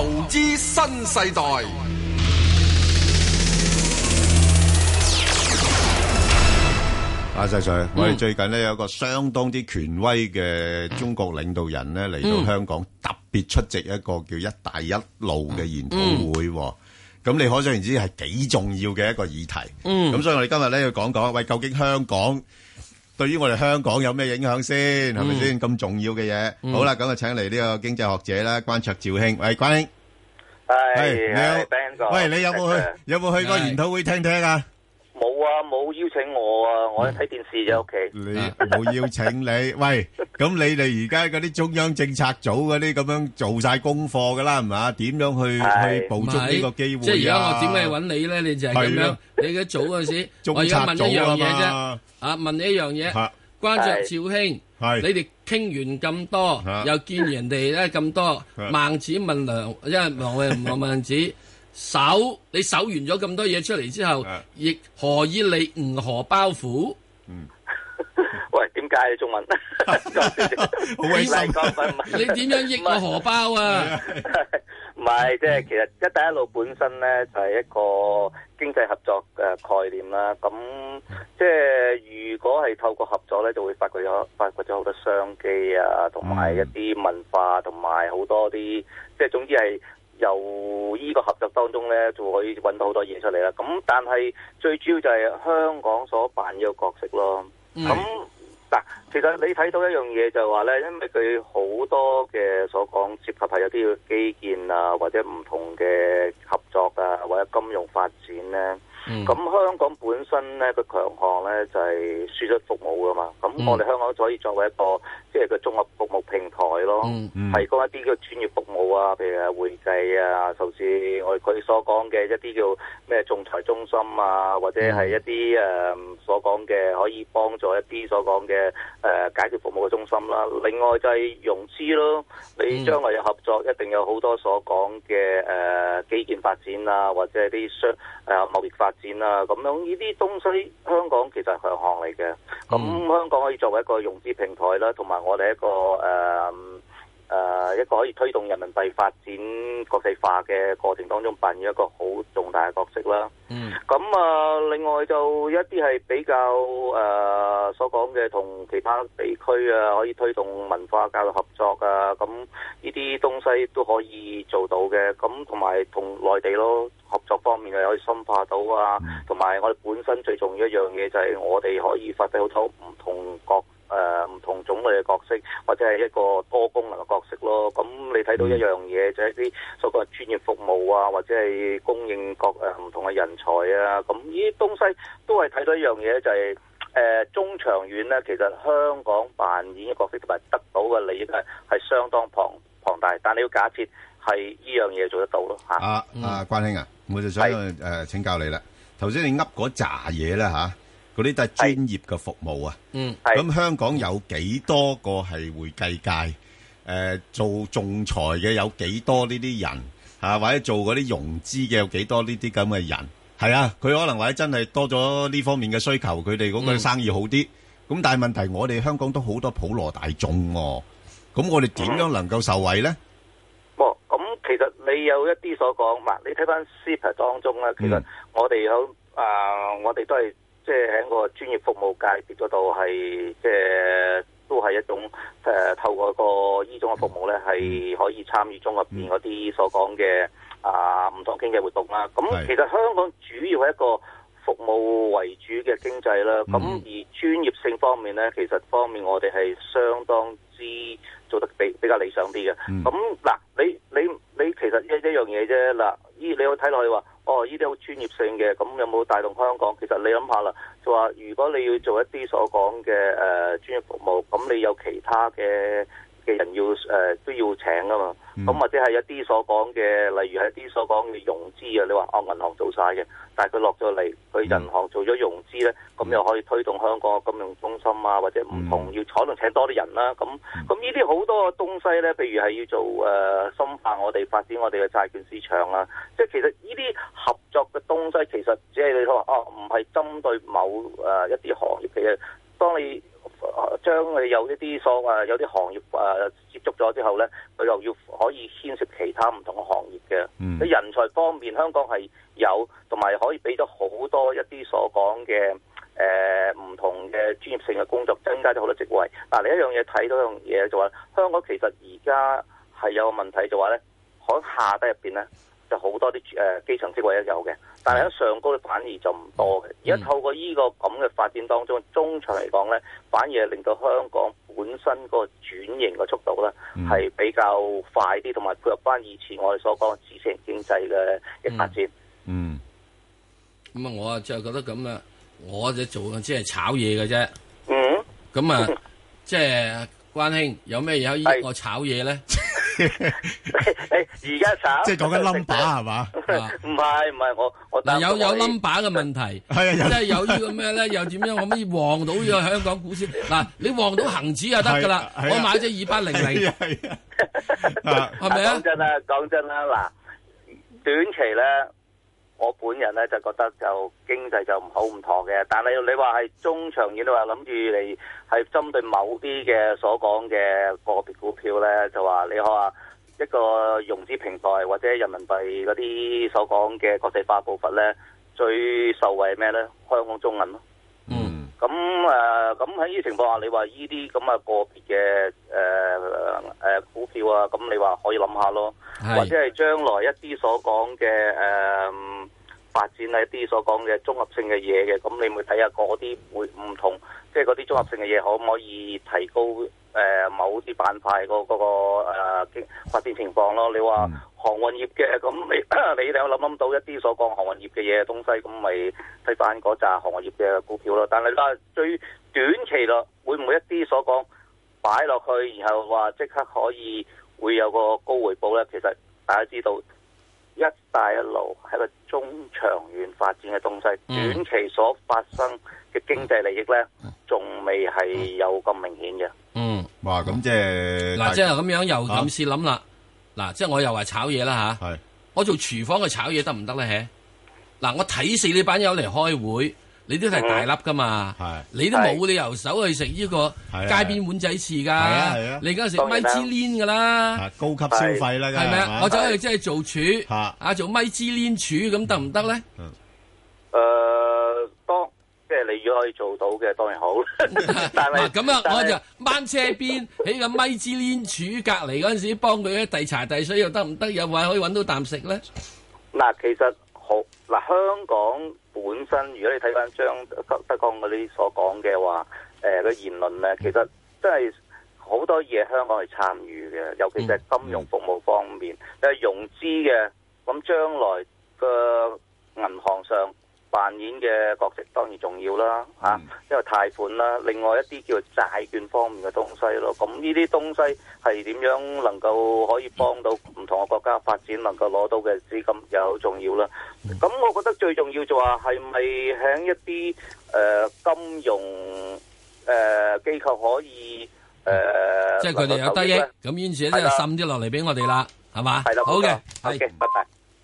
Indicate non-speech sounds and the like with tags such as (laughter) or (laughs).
投資新世代，阿細、啊、水，嗯、我哋最近咧有一個相當之權威嘅中國領導人咧嚟到香港，嗯、特別出席一個叫“一帶一路”嘅研討會。咁、嗯、你可想而知係幾重要嘅一個議題。咁、嗯、所以我哋今日咧要講講，喂，究竟香港？對於我哋香港有咩影響先？係咪先咁重要嘅嘢？好啦，咁啊，請嚟呢個經濟學者啦，關焯照兄，喂，關兄，係，你有，喂，你有冇去？有冇去過研討會聽聽噶？冇啊，冇邀請我啊，我喺睇電視就屋企。冇邀請你，喂，咁你哋而家嗰啲中央政策組嗰啲咁樣做晒功課噶啦，係咪？點樣去去捕捉呢個機會啊？而家我，點解揾你咧？你就係咁樣，你而家早嗰時，我要問一樣嘢啫。啊！問你一樣嘢，啊、關焯照兄，是你哋傾完咁多，啊、又見人哋咧咁多，啊、孟子問梁， (laughs) 因係問，喂唔孟子，守你守完咗咁多嘢出嚟之後，啊、亦何以利吾荷包乎？嗯係中文，你點樣益我荷包啊？唔係，即係其實一帶一路本身咧就係一個經濟合作嘅概念啦。咁即係如果係透過合作咧，就會發掘咗發掘咗好多商機啊，同埋一啲文化，同埋好多啲即係總之係由依個合作當中咧，就可以揾到好多嘢出嚟啦。咁但係最主要就係香港所扮演嘅角色咯。咁嗱，其實你睇到一樣嘢就係話咧，因為佢好多嘅所講涉及係有啲基建啊，或者唔同嘅合作啊，或者金融發展咧。咁、嗯、香港本身咧，個強項咧就係、是、輸出服務噶嘛。咁我哋香港可以作為一個、嗯、即係個綜合服務平台咯，嗯嗯、提供一啲嘅專業服務啊，譬如係會計啊，甚至我哋佢所講嘅一啲叫咩仲裁中心啊，或者係一啲誒、呃、所講嘅可以幫助一啲所講嘅誒解決服務嘅中心啦、啊。另外就係融資咯，你將來有合作一定有好多所講嘅誒基建發展啊，或者係啲商誒貿易發展戰啦，咁樣呢啲東西，香港其實強項嚟嘅。咁、嗯嗯、香港可以作為一個融資平台啦，同埋我哋一個誒。呃誒，一個可以推動人民幣發展國際化嘅過程當中扮演一個好重大嘅角色啦。嗯，咁啊，另外就一啲係比較誒，所講嘅同其他地區啊，可以推動文化教育合作啊，咁呢啲東西都可以做到嘅。咁同埋同內地咯合作方面啊，可以深化到啊，同埋我哋本身最重要一樣嘢就係我哋可以發揮好多唔同國。誒唔、呃、同種類嘅角色，或者係一個多功能嘅角色咯。咁你睇到一樣嘢，就係啲所謂專業服務啊，或者係供應各誒唔同嘅人才啊。咁呢啲東西都係睇到一樣嘢、就是，就係誒中長遠咧。其實香港扮演嘅角色同埋得到嘅利益係係相當龐龐大。但你要假設係呢樣嘢做得到咯嚇。啊啊，關、嗯啊、兄啊，我就想誒是、呃、請教你啦。頭先你噏嗰扎嘢啦嚇。啊嗰啲都係專業嘅服務啊！咁香港有幾多個係會計界？誒，做仲裁嘅有幾多呢啲人？嚇，或者做嗰啲融資嘅有幾多呢啲咁嘅人？係啊，佢可能或者真係多咗呢方面嘅需求，佢哋嗰個生意好啲。咁但係問題，我哋香港都好多普羅大眾喎。咁我哋點樣能夠受惠呢？唔，咁其實你有一啲所講，嗱，你睇翻 CEPA 當中咧，其實我哋有啊，我哋都係。即係喺個專業服務界別嗰度係，即係都係一種誒、呃、透過個依種嘅服務咧，係可以參與綜合面嗰啲所講嘅、嗯、啊唔同經濟活動啦、啊。咁其實香港主要係一個服務為主嘅經濟啦。咁而專業性方面咧，其實方面我哋係相當之做得比比較理想啲嘅。咁嗱、嗯，你你你其一樣嘢啫，嗱，依你去睇落去話哦，呢啲好專業性嘅，咁有冇帶動香港？其實你諗下啦，就話如果你要做一啲所講嘅誒專業服務，咁你有其他嘅？嘅人要誒、呃、都要請啊嘛，咁或者係一啲所講嘅，例如係一啲所講嘅融資啊，你話哦銀行做晒嘅，但係佢落咗嚟佢銀行做咗融資咧，咁、嗯、又可以推動香港金融中心啊，或者唔同、嗯、要可能請多啲人啦、啊，咁咁呢啲好多東西咧，譬如係要做誒、呃、深化我哋發展我哋嘅債券市場啊，即係其實。所話有啲行業誒、啊、接觸咗之後咧，佢又要可以牽涉其他唔同嘅行業嘅。喺、嗯、人才方面，香港係有，同埋可以俾咗好多一啲所講嘅誒唔同嘅專業性嘅工作，增加咗好多職位。但係另一樣嘢睇，到一樣嘢就話、是、香港其實而家係有個問題、就是，就話咧喺下低入邊咧。就好多啲誒基層職位都有嘅，但係喺上高反而就唔多嘅。而家透過呢個咁嘅發展當中，嗯、中長嚟講咧，反而係令到香港本身個轉型嘅速度咧係比較快啲，同埋配合翻以前我哋所講嘅知識經濟嘅一個發展。嗯，咁啊，我啊就覺得咁啊，我就做嘅即係炒嘢嘅啫。嗯，咁、嗯、啊，即、嗯、係、嗯就係、關兄有咩嘢可以我炒嘢咧？而家查？ (laughs) 慘即係講緊 number 係嘛？唔係唔係我我、啊、有有 number 嘅問題係 (laughs) 啊，即係有呢個咩咧？ (laughs) 又點樣可唔可以旺到呢個香港股市？嗱、 (laughs) 啊，你旺到恒指就得噶啦，啊、我買隻二八零零係咪啊？啊啊 (laughs) 真，真，真啦，講真啦，嗱，短期咧。我本人咧就覺得就經濟就唔好唔妥嘅，但係你話係中長遠，你話諗住嚟係針對某啲嘅所講嘅個別股票咧，就話你話一個融資平台或者人民幣嗰啲所講嘅國際化步伐咧，最受惠係咩咧？香港中銀咯。咁誒，咁喺呢啲情況下，你話呢啲咁嘅個別嘅誒誒股票啊，咁你話可以諗下咯，是或者係將來一啲所講嘅誒。呃發展一啲所講嘅綜合性嘅嘢嘅，咁你咪睇下嗰啲會唔同，即係嗰啲綜合性嘅嘢可唔可以提高誒、呃、某啲板塊個嗰個誒發展情況咯？你話航運業嘅，咁你你有冇諗到一啲所講航運業嘅嘢嘅東西，咁咪睇翻嗰紮航運業嘅股票咯？但係啦，最短期咯，會唔會一啲所講擺落去，然後話即刻可以會有個高回報咧？其實大家知道。一帶一路係個中長遠發展嘅東西，短、嗯、期所發生嘅經濟利益咧，仲未係有咁明顯嘅。嗯，哇！咁即係嗱，即係咁樣又諗試諗啦。嗱、啊，即係、啊即係、我又話炒嘢啦嚇，啊、係我做廚房嘅炒嘢得唔得咧？嗱、啊，我睇死呢班友嚟開會。你都係大粒噶嘛？是你都冇理由手去食呢個街邊碗仔翅噶。你而家食米芝蓮噶啦，高級消費啦。係咪啊？吧我走去即係做廚，啊是做米芝蓮廚咁得唔得咧？誒，當即係你如果可以做到嘅，當然好。咁、嗯嗯嗯、 (laughs) 啊，我就掹車邊喺個米芝蓮廚隔離嗰陣時，幫佢啲遞茶遞水又得唔得？又行行又話可以揾到啖食咧？嗱，其實好嗱，香港。本身如果你睇翻張德德江嗰啲所講嘅話，誒、呃、個言論咧，其實真係好多嘢香港係參與嘅，尤其是係金融服務方面，係融資嘅，咁將來個銀行上。扮演嘅角色當然重要啦，嚇、嗯，因為貸款啦，另外一啲叫做債券方面嘅東西咯。咁呢啲東西係點樣能夠可以幫到唔同嘅國家發展，能夠攞到嘅資金又好重要啦。咁、嗯、我覺得最重要就話係咪喺一啲誒、呃、金融誒機、呃、構可以誒，呃、即係佢哋有得益，咁因此咧就滲啲落嚟俾我哋啦，係嘛？係啦，好嘅，好嘅，拜拜。